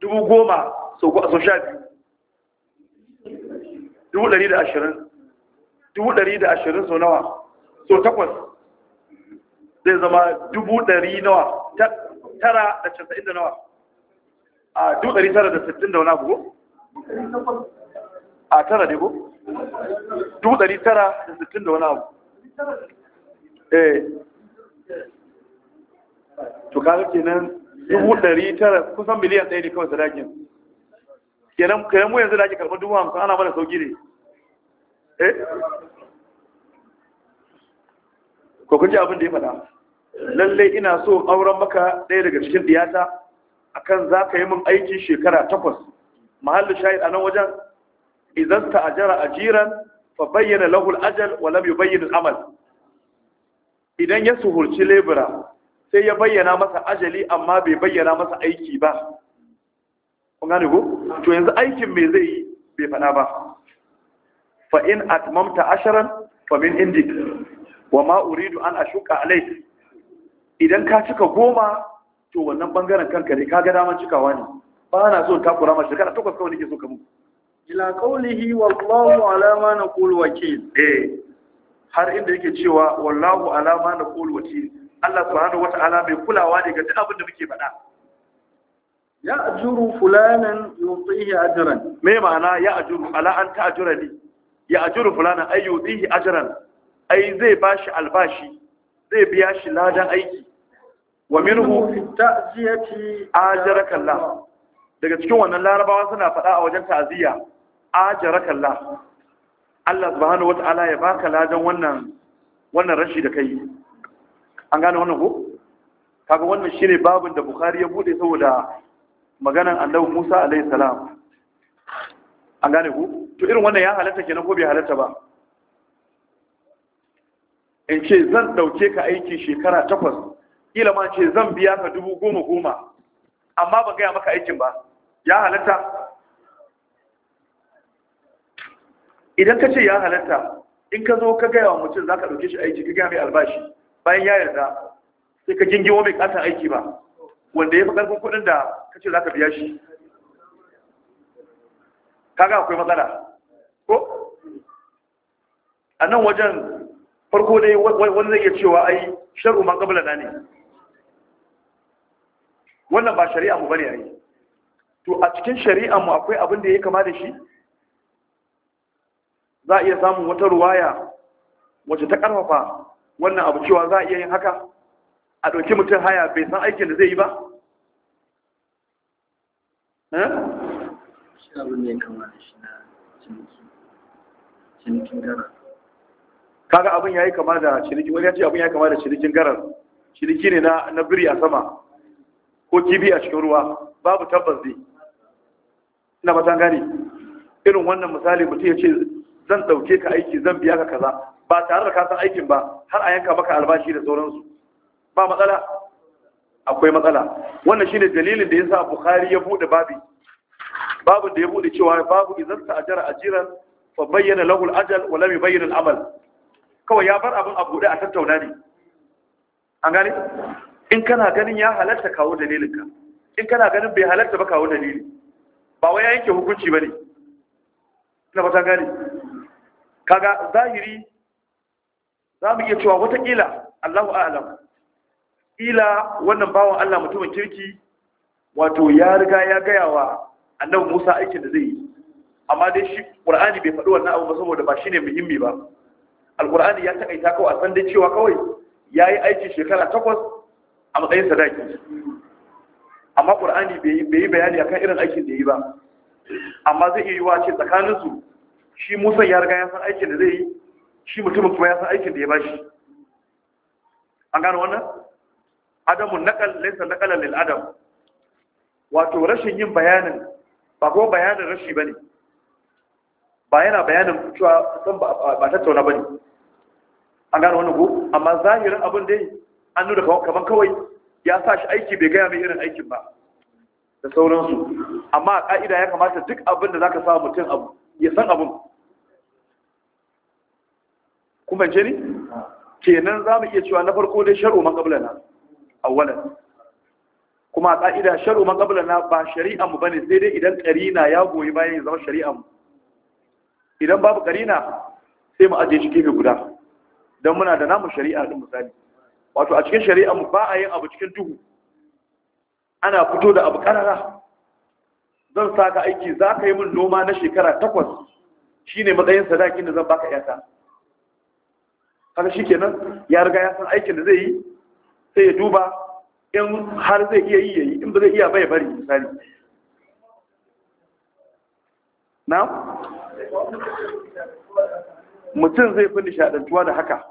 Speaker 1: dubu goma sau sha biyu dubu ɗari da ashirin dubu ɗari da ashirin sau nawa sau takwas zai zama dubu ɗari nawa tara da casa'in da nawa a dubu ɗari tara da sittin da wani abu a tara ne ko dubu ɗari tara da sittin da wani abu eh to kaga kenan dubu ɗari tara kusan miliyan ɗaya ne kawai sadakin kenan kenan mu yanzu da ake karɓar dubu hamsin ana mana sauki ne eh ko kun ji abin da ya faɗa lallai ina so auren maka ɗaya daga cikin diyata akan za ka yi min aiki shekara takwas mahallin shahid a nan wajen idan ta ajara jiran, fa bayyana lahul ajal wa lam yubayyin al amal idan ya suhurci lebura sai ya bayyana masa ajali amma bai bayyana masa aiki ba kun gane ko to yanzu aikin me zai yi bai fada ba fa in atmamta asharan fa min indik wa ma uridu an ashuka alayk idan ka cika goma to wannan bangaren kanka ne kaga daman cikawa ne ba na so ta kura mashi kana takwas kawai nake so ka mu ila qawlihi wallahu ala ma naqul wakil eh har inda yake cewa wallahu ala ma naqul wakil Allah subhanahu wata'ala mai kulawa ne ga duk abin da muke faɗa ya ajuru fulanan yutihi ajran me ma'ana ya ajuru ala an ta'jura li ya ajuru fulanan ay yutihi ajran ai zai bashi albashi zai biya shi ladan aiki wa minhu fi ta'ziyati ajrakallah daga cikin wannan larabawa suna faɗa a wajen ta'ziya ajrakallah Allah subhanahu wata'ala ya baka ladan wannan wannan rashi da kai an gane wannan ko kaga wannan shine babin da bukhari ya bude saboda maganan annabi musa alaihi salam an gane ku to irin wannan ya halatta kenan ko bai halatta ba in ce zan dauke ka aiki shekara takwas kila ma ce zan biya ka dubu goma goma amma ban gaya maka aikin ba ya halatta idan ka ce ya halatta in ka zo ka gaya wa mutum za ka ɗauke shi aiki ka gaya mai albashi bayan ya yarda sai ka jingiwo mai kasa aiki ba wanda ya fi karfin kudin da ka ce za ka biya shi kaga akwai matsala ko a nan wajen farko dai wani zai cewa ai sharu man kabila na ne wannan ba shari'a mu bane ai to a cikin shari'a mu akwai abin da ya kama da shi za a iya samun wata ruwaya wacce ta karfafa wannan abu cewa za a iya yin haka a ɗauki mutum haya bai san aikin da zai yi ba eh? kaga abin ya yi kama da ciniki wani ya ce abin ya yi kama da cinikin garar ciniki ne na biri a sama ko kibi a cikin ruwa babu tabbas ne ina matan gane irin wannan misali mutum ya ce zan ɗauke ka aiki zan biya ka kaza ba tare da ka san aikin ba har a yanka maka albashi da sauransu ba matsala akwai matsala wannan shine dalilin da yasa bukhari ya bude babi babu da ya bude cewa babu idan ta ajara ajiran fa bayyana lahu al-ajal wa lam yubayyin al-amal kawai ya bar abin a bude a tattauna ne an gane in kana ganin ya halarta kawo dalilinka in kana ganin bai halarta ba kawo dalili ba wai ya yanke hukunci bane ina ba ta gane kaga zahiri za mu iya cewa watakila Allahu a'lam ila wannan bawan Allah mutumin kirki wato ya riga ya gaya wa annabi Musa aikin da zai yi amma dai shi Qur'ani bai faɗi wannan abu ba saboda ba shine muhimmi ba Al-Qur'ani ya takaita kawai a san dai cewa kawai yayi aiki shekara takwas a matsayin sadaki amma Qur'ani bai yi bayani akan irin aikin da yi ba amma zai iya yiwa ce tsakaninsu shi musa ya riga ya san aikin da zai yi shi mutumin kuma ya san aikin da ya bashi an gano wannan adamun naqal laysa naqalan lil adam wato rashin yin bayanin ba kuma bayanin rashi bane ba yana bayanin cewa san ba tattauna bane an gano wannan ko amma zahirin abin dai an nuna kaman kawai ya sa shi aiki bai gaya mai irin aikin ba da sauransu amma a ka'ida ya kamata duk abin da zaka sa mutum abu ya san abin kuma ce ni kenan za mu iya cewa na farko dai shar'u man na awwalan kuma a ƙa'ida shar'u man na ba shari'a mu bane sai dai idan ƙarina ya goyi bayan ya zama shari'a mu idan babu ƙarina, sai mu aje shi gefe guda don muna da namu shari'a din misali wato a cikin shari'a mu ba a yin abu cikin duhu ana fito da abu karara zan sa ka aiki za ka yi min noma na shekara takwas shine matsayin sadakin da zan baka yata shi kenan, ya riga ya san aikin da zai yi sai ya duba in har zai iya yi yayi in ba zai iya bai bari misali na mutum zai fi nishadantuwa da haka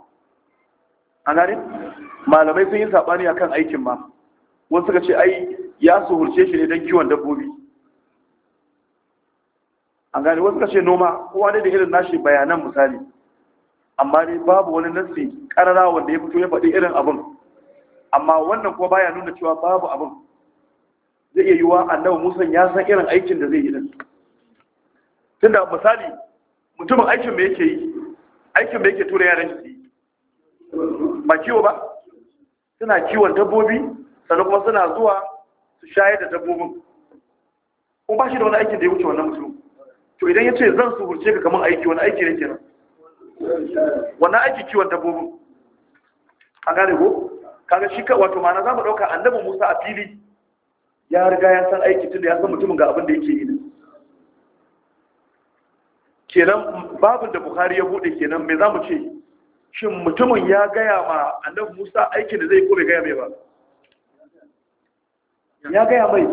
Speaker 1: a malamai sun yi sabani akan aikin ma wasu suka ce ai ya suhurce shi ne don kiwon dabbobi a gani wasu suka ce noma kowa ne da irin nashi bayanan misali amma dai babu wani nassi karara wanda ya fito ya faɗi irin abin amma wannan kuma baya nuna cewa babu abin zai iya yiwa annabi Musa ya san irin aikin da zai yi din tunda misali mutumin aikin me yake yi aikin me yake tura yaran shi ba kiwo ba suna kiwon dabbobi sannan kuma suna zuwa su shayar da dabbobin kuma ba shi da wani aikin da ya wuce wannan mutum to idan ya ce zan su hurce ka kamar aiki wani aiki ne kenan wannan aiki kiwon dabbobin an gane ko kaga shi ka wato ma'ana zamu ɗauka annabi Musa a fili ya riga ya san aiki tunda ya san mutumin ga abin da yake yi kenan babin da Buhari ya buɗe kenan me zamu ce shin mutumin ya gaya ma annabi Musa aikin da zai ko bai gaya mai ba ya gaya mai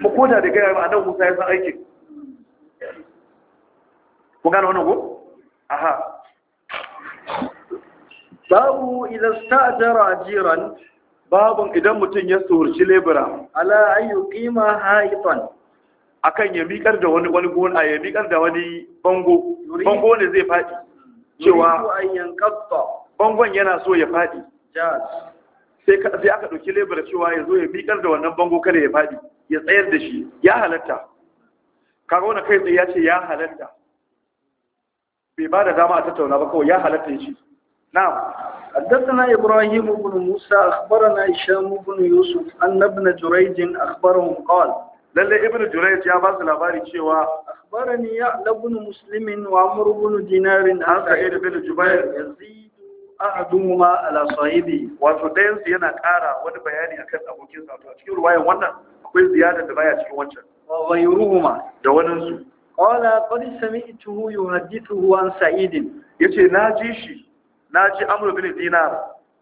Speaker 1: makoda da gaya ma annabi Musa ya san aikin ku gane wannan ko aha babu idan stajara jiran babun idan mutum ya tsorci lebura ala ayyu qima haifan akan ya miƙar da wani wani gona ya miƙar da wani bango bango ne zai faɗi cewa bangon yana so ya faɗi sai sai aka ɗauki lebura cewa ya zo ya miƙar da wannan bango kada ya faɗi ya tsayar da shi ya halatta kaga wani kai tsaye ya ce ya halatta bai ba da dama a tattauna ba kawai ya halatta shi نعم حدثنا إبراهيم بن موسى أخبرنا هشام بن يوسف أن ابن جريج أخبرهم قال للي ابن جريج يا باز لاباري شيوا أخبرني يعلى بن مسلم وعمر بن دينار عن سعيد بن جبير يزيد أحدهما على صاحبه وتدين سينا كارا wani bayani akan abokin sa to a cikin ruwayan wannan akwai ziyada da baya cikin wancan wa ghayruhuma da wannan su qala qad sami'tuhu yuhaddithu an sa'id yace na ji shi na ji amru bin dinar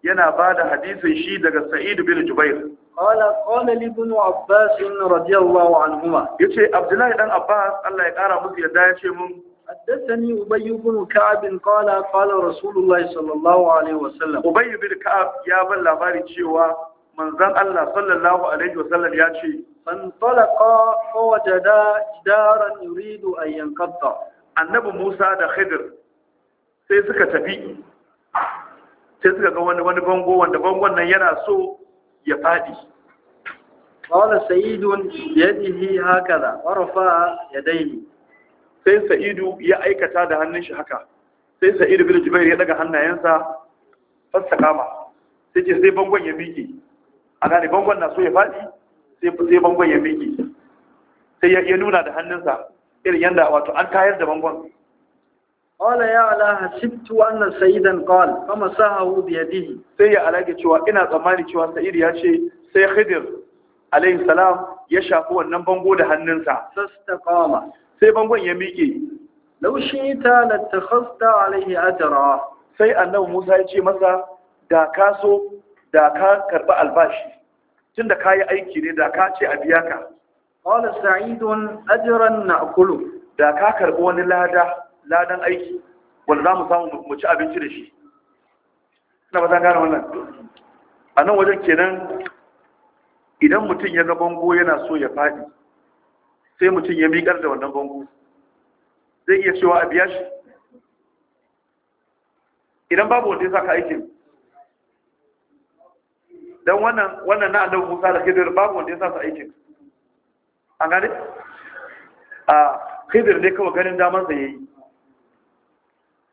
Speaker 1: yana ba da hadisin shi daga sa'id bin jubair qala qala li ibn abbas radiyallahu anhuma yace abdullahi dan abbas Allah ya kara musu yadda ya ce mun حدثني أبي بن كعب قال قال رسول الله صلى الله عليه وسلم أبي بن كعب يا بل لباري تشيوا من ذن الله صلى الله عليه وسلم يا شي فانطلقا فوجدا جدارا يريد da ينقطع sai suka tafi sai suka ga wani wani bango wanda bangon nan yana so ya fadi qala sa'idun yadihi hakaza wa ya yadayhi sai sa'idu ya aikata da hannun shi haka sai sa'idu bin jubair ya daga hannayensa fasta kama sai ce sai bangon ya miki a gane bangon na so ya fadi sai sai bangon ya miki sai ya nuna da hannunsa irin yanda wato an tayar da bangon Ƙwala ya ala hasibtu anna sayidan qal fa masahu bi yadihi sai ya alage cewa ina tsammani cewa sa'id ya ce sai khidir alayhi salam ya shafi wannan bango da hannunsa sastaqama sai bangon ya miƙe law shi'ta latakhasta alayhi ajra sai annabi Musa ya ce masa da ka so da ka karba albashi tunda kayi aiki ne da ka ce a biya ka qala sa'idun ajran na'kulu da ka karbi wani lada ladan aiki wanda za mu samu mu ci abinci da shi ina ba ta gane wannan a nan wajen kenan idan mutum ya ga bango yana so ya faɗi sai mutum ya miƙar da wannan bango zai iya cewa a biya shi idan babu wanda ya sa ka aikin don wannan wannan na annabi Musa da Khidir babu wanda ya sa su aikin an gane a Khidir ne kawai ganin damar sa yayi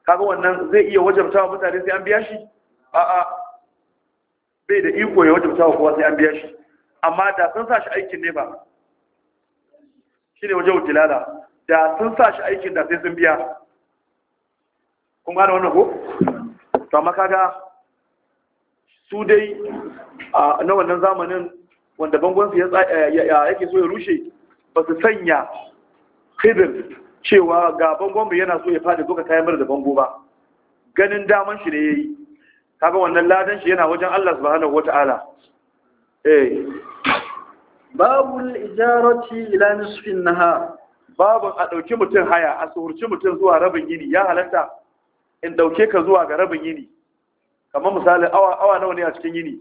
Speaker 1: kaga wannan zai iya wajabta wa mutane sai an biya shi a'a bai da iko ya wajabta wa kowa sai an biya shi amma da sun sa shi aikin ne ba shi ne wajen wutilala da sun sa shi aikin da sai sun biya kun gane wannan ko to amma kaga su dai na wannan zamanin wanda bangon su ya yake so ya rushe ba su sanya khidir cewa ga bangon bai yana so ya fadi duka kayan mara da bango ba ganin daman shi ne ya yi kaga wannan ladan shi yana wajen Allah subhanahu wata'ala eh babul ijarati ila nisfin nahar babu a dauki mutum haya a suhurci mutum zuwa rabin yini ya halatta in dauke ka zuwa ga rabin yini kamar misali awa awa nawa ne a cikin yini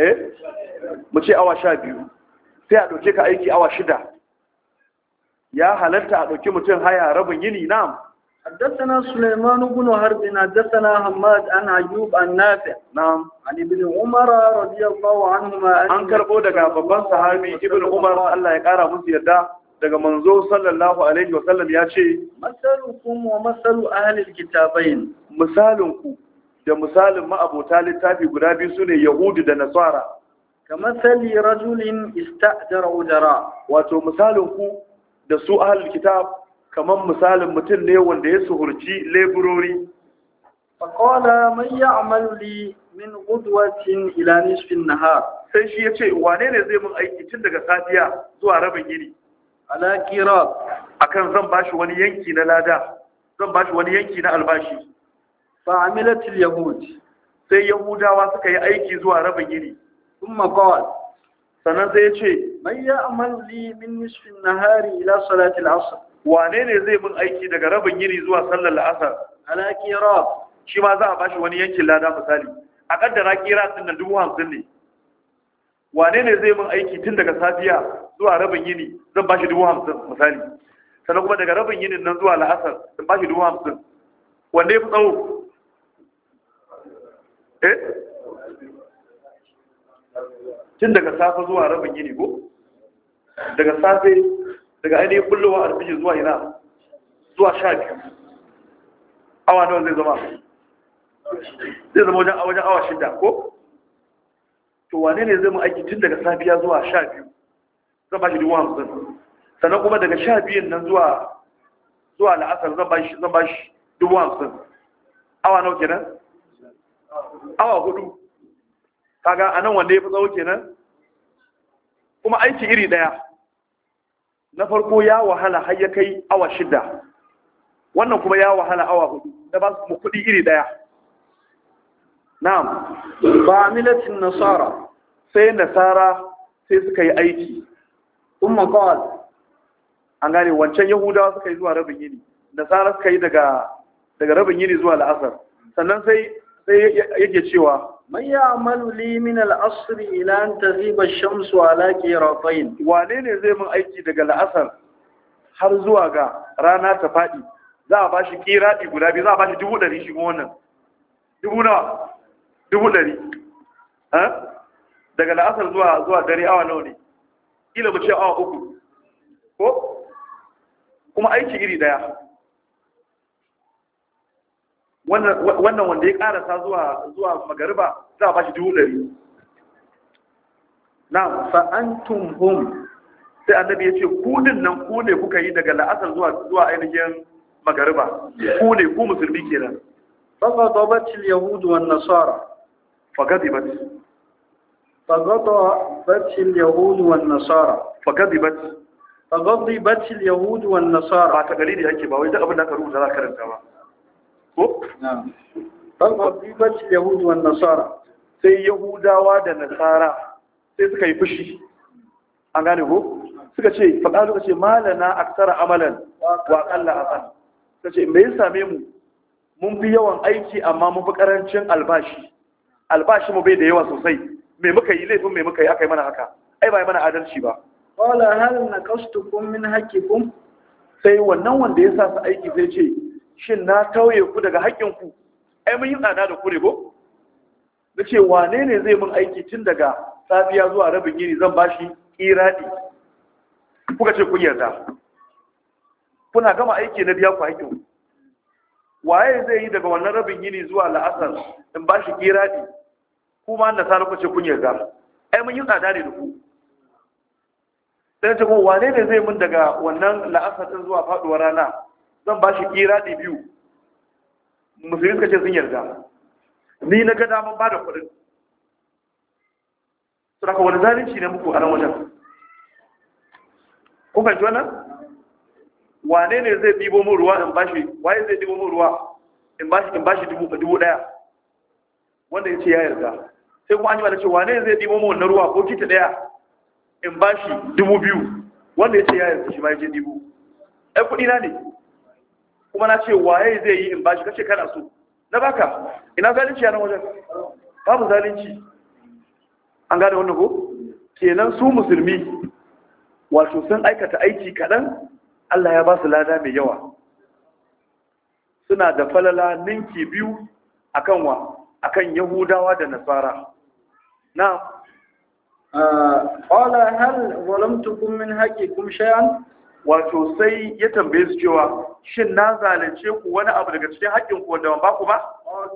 Speaker 1: eh mu ce awa 12 sai a dauke ka aiki awa shida ya halatta a ɗauki mutum haya rabin yini na? حدثنا سليمان بن هرب حدثنا حماد عن ايوب عن نافع نعم عن ابن عمر رضي الله عنهما ان كربو daga babban sahabi ibn umar Allah ya kara musu yarda daga manzo sallallahu alaihi wasallam ya ce masalukum wa masalu ahli alkitabain misalunku da misalin ma'abota littafi guda biyu sune yahudu da nasara kamathali rajulin ista'jara ujara wato misalinku da su ahal kitab kaman misalin mutum ne wanda ya suhurci leburori faqala man ya'mal li min qudwatin ila nisfin nahar sai shi yace wane ne zai mun aiki tun daga safiya zuwa rabin yini ala A akan zan bashi wani yanki na lada zan bashi wani yanki na albashi fa amilatil yahud sai yahudawa suka yi aiki zuwa rabin gini. kuma qala sannan sai ce mai ya amalli li min nisfin nahari ila salatil al-asr wane ne zai min aiki daga rabin yini zuwa sallar la'asar? asr ala shi ma za a bashi wani yankin lada misali a kaddara kira din nan dubu hamsin ne wane ne zai min aiki tun daga safiya zuwa rabin yini zan bashi dubu hamsin misali sannan kuma daga rabin yinin nan zuwa la'asar zan bashi dubu hamsin wanda ya fi tsawo eh tun daga safe zuwa rabin yini ko daga safe daga ainihin bullowa alfijir zuwa ina zuwa sha biyu awa nawa zai zama zai zama wajen wajen awa shida ko to wane ne zai mu aiki tun daga safiya zuwa sha biyu zan ba shi ruwa hamsin sannan kuma daga sha biyun nan zuwa zuwa la'asar zan ba shi ruwa hamsin awa nawa kenan awa hudu kaga a nan wanda ya fi tsawo kenan kuma aiki iri daya na farko ya wahala har ya kai awa shida wannan kuma ya wahala awa hudu da ba su kuɗi iri daya na'am ba milatin nasara sai nasara sai suka yi aiki umma qal an gane wancan yahudawa suka yi zuwa rabin yini nasara suka yi daga rabin yini zuwa la'asar sannan sai sai yake cewa من يعمل لي من العصر الى ان تغيب الشمس على shamsu ala qiratayn wane ne zai min aiki daga la'asar har zuwa ga rana ta fadi za a bashi kiradi guda biyu za a bashi dubu ɗari shi wannan dubu na dubu ɗari daga la'asar zuwa zuwa dare awa nawa ne kila mu ce awa uku ko kuma aiki iri daya wannan wanda ya karasa zuwa zuwa magariba za a bashi dubu ɗari na fa'antum hum sai annabi ya ce kudin nan ku ne kuka yi daga la'asar zuwa zuwa ainihin magariba ku ne ku musulmi kenan فغضبت اليهود والنصارى فغضبت فغضبت اليهود والنصارى فغضبت فغضبت اليهود والنصارى تقليدي ake ba wai duk abin da aka rubuta za ka karanta ba ko falfafifac yahudu wa nasara sai yahudawa da nasara sai suka yi fushi A gane ko suka ce faɗa suka ce malana aksara amalan wa ƙalla hasan suka ce me ya same mu mun fi yawan aiki amma mun fi ƙarancin albashi albashi mu bai da yawa sosai me muka yi laifin me muka yi aka yi mana haka ai ba yi mana adalci ba qala hal naqastukum min haqqikum sai wannan wanda ya sa su aiki sai ce shin na tauye ku daga haƙƙinku ai mun yi tsada da ku ne ko nace ce wane ne zai mun aiki tun daga safiya zuwa rabin yini zan bashi shi iradi kuka ce kun yarda kuna gama aiki na biya ku haƙƙinku waye zai yi daga wannan rabin yini zuwa la'asar in bashi iradi kuma na sa ku ce kun yarda ai mun yi tsada ne da ku sai ce kuma wane ne zai mun daga wannan la'asar din zuwa faduwar rana zan ba shi ɗi biyu musulmi suka ce sun yarda ni na ga daman ba da kuɗin su daga wani zalunci ne muku a nan wajen Kuka ji wannan wane ne zai ɗibo mun ruwa in ba shi? waye zai ɗibo mun ruwa in shi in shi dubu ɗaya wanda ya ce ya yarda sai kuma an yi mana ce wane zai ɗibo mun wannan ruwa ko kita ɗaya in ba shi dubu biyu wanda ya ce ya yarda shi ma ya je dubu ai kuɗi na ne kuma na ce waye zai yi in bashi kace kana so na baka ina zalunci yana wajen babu zalunci an gane wannan ko kenan su musulmi wato sun aikata aiki kaɗan Allah ya ba su lada mai yawa suna da falala ninki biyu akan wa akan yahudawa da nasara na قال هل ظلمتكم من حقكم شيئا wato sai ya tambaye su cewa shin na zalunce ku wani abu daga cikin haƙƙin ku wanda ba ku ba qala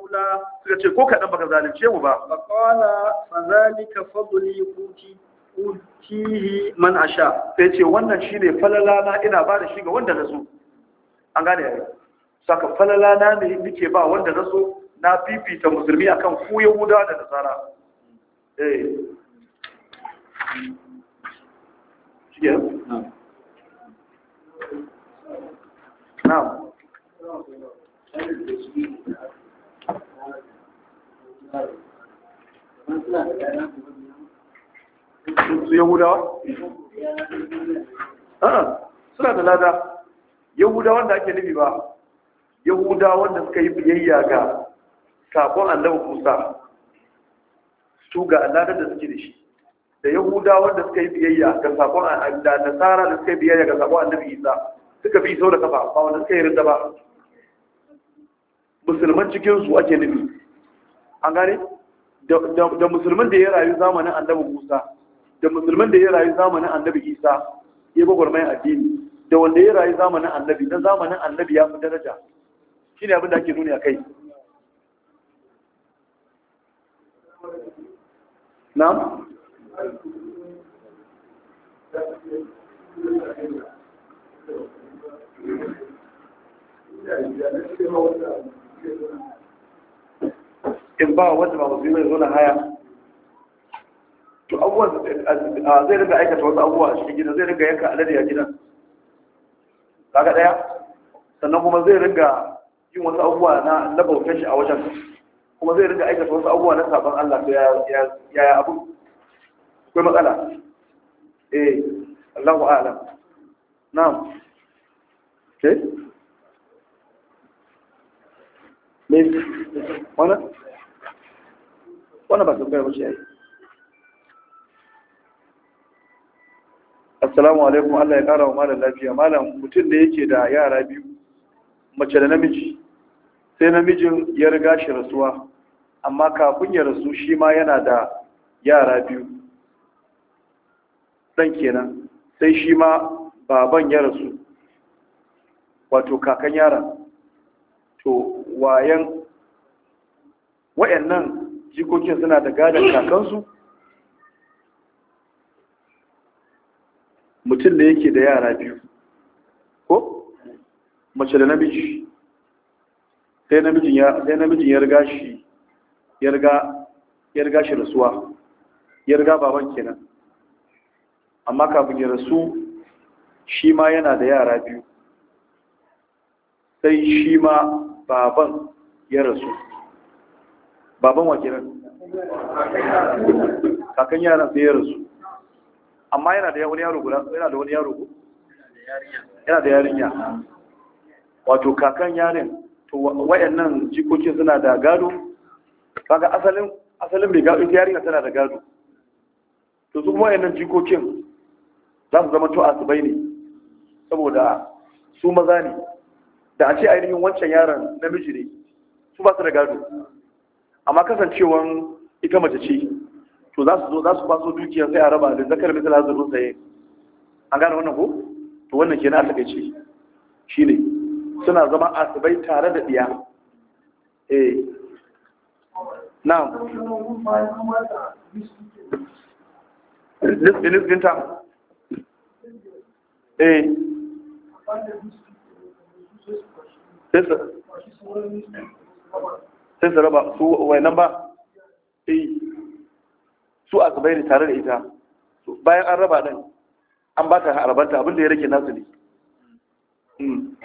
Speaker 1: suka ce ko kadan baka zalunce mu ba qala fa zalika fadli uti utihi man asha sai ce wannan shine falala na ina ba da shi ga wanda nazo an gane yayi saka falala na ne nake ba wanda nazo na fifita musulmi akan ku yahuda da nasara eh lada yahuda wanda ake nufi ba yahuda wanda suka yi biyayya ga sakon annabi musa su ga aladar da suke da shi da yahuda wanda suka yi biyayya ga sakon da nasara da suka yi biyayya ga sakon annabi isa suka fi sau da kafa ba wanda suka yi rinda ba musulman cikin su ake nufi an gane da musulman da ya rayu zamanin annabi musa da musulman da ya rayu zamanin annabi isa ya gwagwarmayin addini da wanda ya rayu zamanin annabi na zamanin annabi ya fi daraja shi ne abinda da ake nuni a kai na? in ba wanda ba zai zo zuna haya to abuwa zai riga aikata wasu abubuwa a cikin gida zai riga yanka alade a gidan kaga daya sannan kuma zai riga yin wasu abubuwa na na shi a wajen kuma zai riga aikata wasu abubuwa na sabon Allah to ya ya abu akwai matsala eh Allahu a'lam na'am Ke? mai wannan wannan ba tambayar ba ce ai assalamu alaikum Allah ya kara wa malam lafiya malam mutum da yake da yara biyu mace da namiji sai namijin ya riga shi rasuwa amma kafin ya rasu shi ma yana da yara biyu ɗan kenan sai shi ma baban ya rasu wato kakan yara to wayan wa'annan jikokin suna da gadon kakansu mutum da yake da yara biyu ko mace da namiji sai namijin ya riga shi ya riga shi rasuwa ya riga baban kenan amma kafin ya rasu shi ma yana da yara biyu sai shi ma baban ya rasu baban wa kenan kakan yaran sai ya rasu amma yana da wani yaro guda yana da wani yaro yana da yarinya wato kakan yarin to wayannan jikokin suna da gado kaga asalin asalin mai gado ita yarinya tana da gado to su wayannan jikokin za su zama to asibai ne saboda su maza ne da a ce ainihin wancan yaron namiji ne su ba su da gado amma kasancewan ita mace ce to za su zo za su kwaso dukiyar sai a raba da zakar zala zuru saye an gane wannan ko to wannan kenan a Shi shine suna zama asibai tare da diya eh na'am nisbin ta eh sai su raba su wainan ba eh su a zubairu tare da ita bayan an raba ɗin an ba ta harabanta abinda ya rage nasu ne hmm.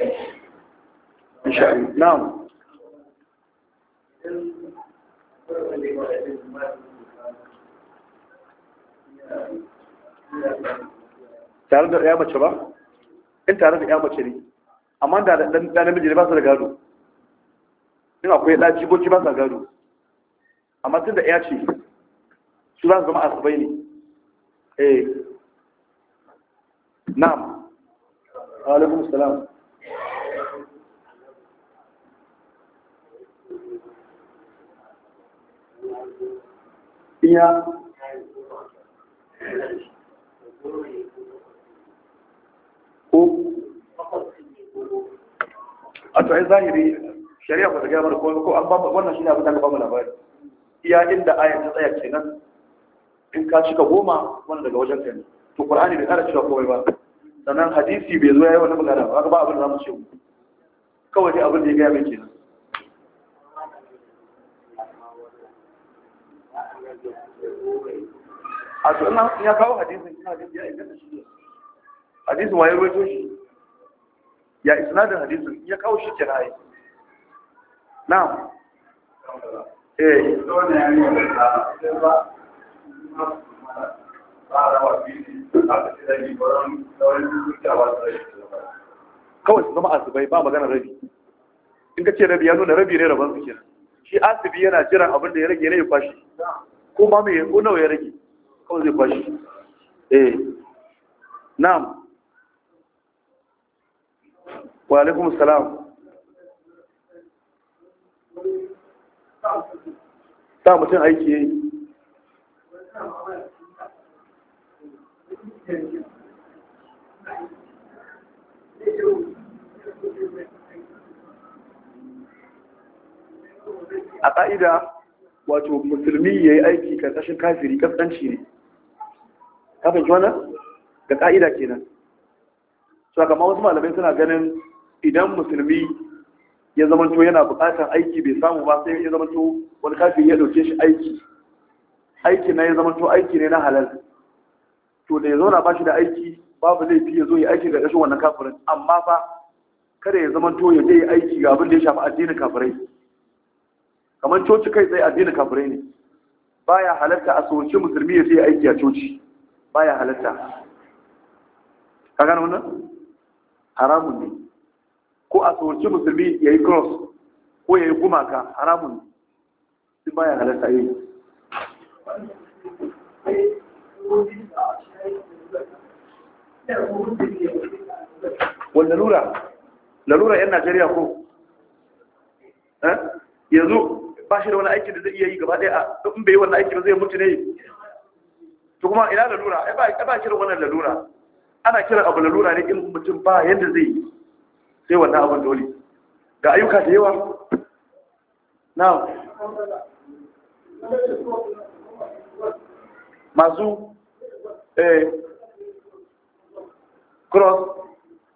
Speaker 1: tare da ya mace ba in tare da ya mace ne amma da dan namiji ne ba su da gado in akwai ɗaji boki ba su da gado amma tun da ya ce su za su zama ne eh na'am salam iya ko a tsohon zahiri shari'a ba ta gaba ko wannan shi ne abin da ka ba mu labari iya inda ayat ta tsaya kenan in ka cika goma wani daga wajen kai to qur'ani bai kara cika komai ba sannan hadisi bai zo ya yi wani magana ba ba abin da zamu ce kawai dai abin da ya gaya mai kenan a to ina ya kawo hadisin hadisi ya inganta shi hadisin waye ruwaito shi ya isnadin hadisin ya kawo shi kenan ai na'am eh zo ne ya ne ba kawai su zama asibai ba magana rabi in ka ce rabi ya nuna rabi ne rabon su kenan shi asibi yana jiran abin da ya rage ne ya kwashi ko ma mai ko nawa ya rage kawai zai kwashi eh na'am wa alaikum salam sa mutum aiki yayi a ƙa'ida wato musulmi ya yi aiki ƙarƙashin kafiri ƙasƙanci ne kafin wannan ga ƙa'ida kenan su kama wasu malamai suna ganin idan musulmi ya zamanto yana buƙatar aiki bai samu ba sai ya zamanto wani kafiri ya ɗauke shi aiki aikin na ya zama to aiki ne na halal to da ya zauna ba shi da aiki babu fi ya zo ya aiki ga ƙashin wannan kafirin amma fa kada ya zama to ya je ya aiki ga abin da ya shafi addinin kafirai kamar coci kai tsaye addinin kafirai ne baya halatta a soci musulmi ya je ya aiki a coci baya halatta ka gano wannan haramun ne ko a soci musulmi ya yi cross ko ya yi gumaka haramun ne baya halatta yi wanda lura lalura yan najeriya ko eh? yanzu ba shi da wani aiki da zai iya yi gaba daya in bai yi wannan aiki ba zai mutu ne to kuma ina lalura ya ba kiran wannan lalura ana kiran abu lalura ne in mutum ba yadda zai yi sai wannan abin dole ga ayyuka da yawa na masu eh, cross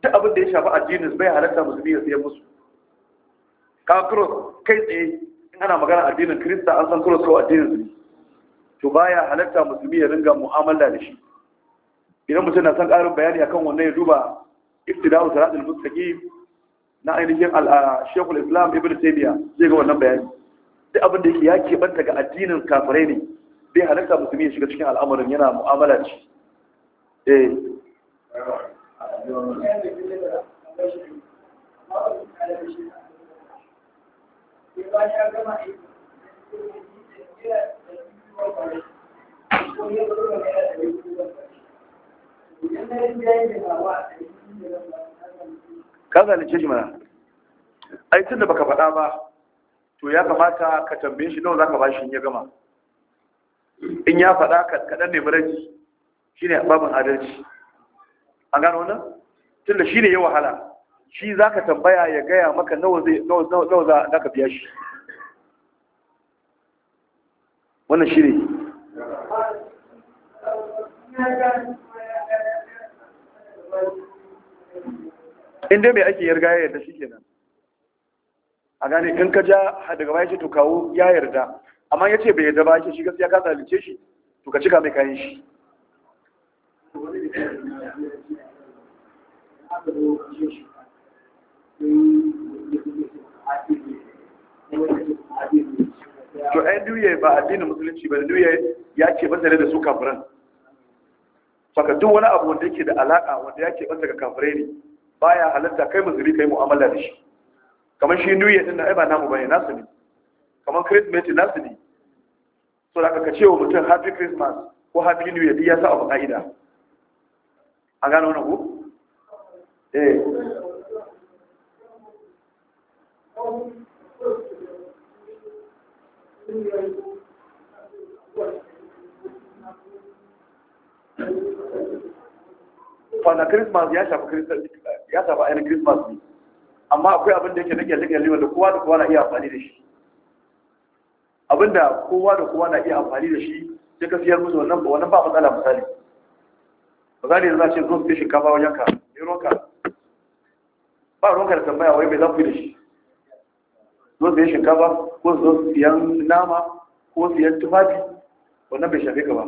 Speaker 1: ta abin da ya shafi addinin bai halatta musulmi ya siya musu ka cross kai tsaye in ana magana addinin kirista an san cross ko addinin su to baya halatta musulmi ya ringa mu'amala da shi idan mutum na san ƙarin bayani akan wannan ya duba iftidawu salatul mustaqim na ainihin al'ashekul islam ibn taymiya zai ga wannan bayani duk abin da yake ya banta ga addinin kafirai ne bai halitta musulmi ya shiga cikin al'amarin yana mu'amala ce eh ka zalice shi mana ai tun da baka faɗa ba to ya kamata ka tambaye shi nawa za ka ba shi in ya gama in ya faɗa kaɗan ne maraji shi ne babin adalci an gano wannan tun da shi ne ya wahala shi za ka tambaya ya gaya maka nawa za ka biya shi wannan shi ne inda mai ake yarga ya yarda shi ke nan. a gane in ka ja daga bayan shi to kawo ya yarda amma ya ce bai yadda ba yake shi gaskiya ka zalice shi to ka cika mai kayan shi to ɗan duye ba addinin musulunci ba da duye ya ke basa da su kafiran saka duk wani abu wanda yake da alaƙa wanda ya ke basa ga kafirai ne baya halatta kai musulunci kai mu'amala da shi kamar shi duye ɗin na ai ba namu bane nasu ne kamar Kirsimeti nasu ne so da ka ce wa mutum happy christmas ko happy new year ya sa abu ka'ida a gano wani ku? eh fana christmas ya shafi ya shafi ainihin christmas ne amma akwai abin da yake na gyalle-gyalle wanda kowa da kowa na iya amfani da shi abinda kowa da kowa na iya amfani da shi sai ka siyar musu wannan wannan ba matsala misali ba za ne za ce zo su shinkafa wajen ka ne ruwanka ba roka da tambaya wai mai zafi da shi zo su yi shinkafa ko zo su siyan nama ko siyan tufafi wannan bai shafe ka ba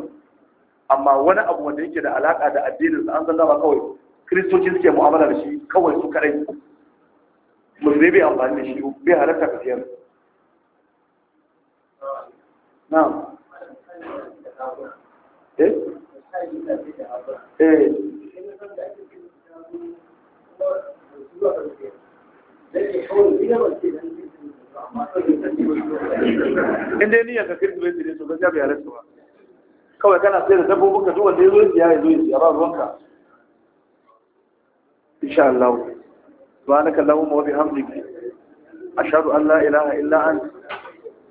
Speaker 1: amma wani abu wanda yake da alaka da addinin sa an san dama kawai kristoci suke mu'amala da shi kawai su kadai musulmi bai amfani da shi bai halarta ka siyar na'am eh eh in dai niyyar ka kirkire ne to gaskiya bai halarta ba kawai kana sai da dabbobin ka duwanda ya zo ya yi zo ya ba ruwanka insha Allah na allahumma wa bihamdika ashhadu an la ilaha illa an.